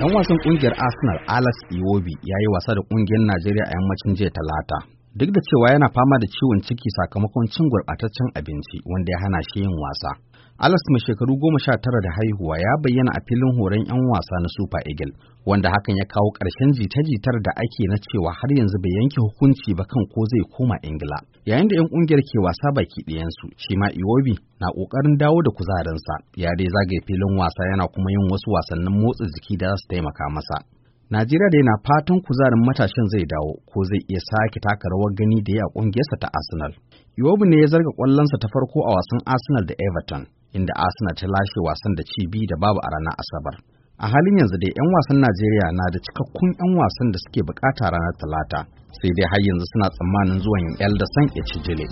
Dan wasan ƙungiyar Arsenal Alex Iwobi ya yi wasa da ƙungiyar Najeriya a yammacin jiya Talata. Duk da cewa yana fama da ciwon ciki sakamakon cin gurɓataccen abinci wanda ya hana shi yin wasa. Alas mai shekaru goma sha tara da haihuwa ya bayyana a filin horon 'yan wasa na Super Eagle, wanda hakan ya kawo ƙarshen jita-jitar da ake na cewa har yanzu bai yanke hukunci ba kan ko zai koma Ingila. Yayin da 'yan ƙungiyar ke wasa baki ɗayansu, shi ma Iwobi na ƙoƙarin dawo da kuzarinsa, ya dai zagaye filin wasa yana kuma yin wasu wasannin motsa jiki da za su taimaka masa. Najeriya dai na fatan kuzarin matashin zai dawo ko zai iya sake taka rawar gani da ya ƙungiyarsa ta Arsenal. Iwobi ne ya zarga ƙwallonsa ta farko a wasan Arsenal da Everton. inda Arsenal ta lashe wasan da ci biyu da babu a ranar Asabar. A halin yanzu dai 'yan wasan Najeriya na da cikakkun 'yan wasan da suke bukata ranar Talata, sai dai har yanzu suna tsammanin zuwan san ya ci jile.